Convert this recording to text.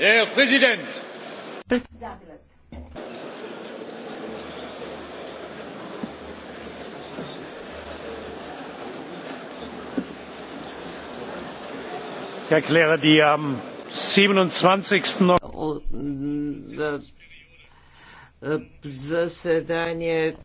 Herr Präsident! Ich erkläre die am 27.